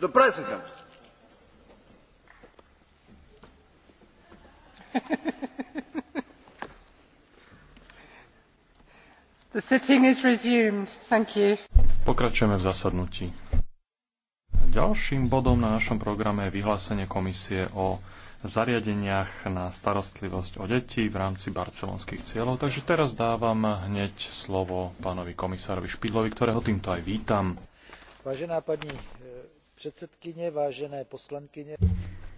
the president. the sitting is resumed. Thank you. Pokračujeme v zasadnutí. Ďalším bodom na našom programe je vyhlásenie komisie o zariadeniach na starostlivosť o deti v rámci barcelonských cieľov. Takže teraz dávam hneď slovo pánovi komisárovi Špidlovi, ktorého týmto aj vítam. Vážená pani předsedkyně vážené poslankyně vážení poslanci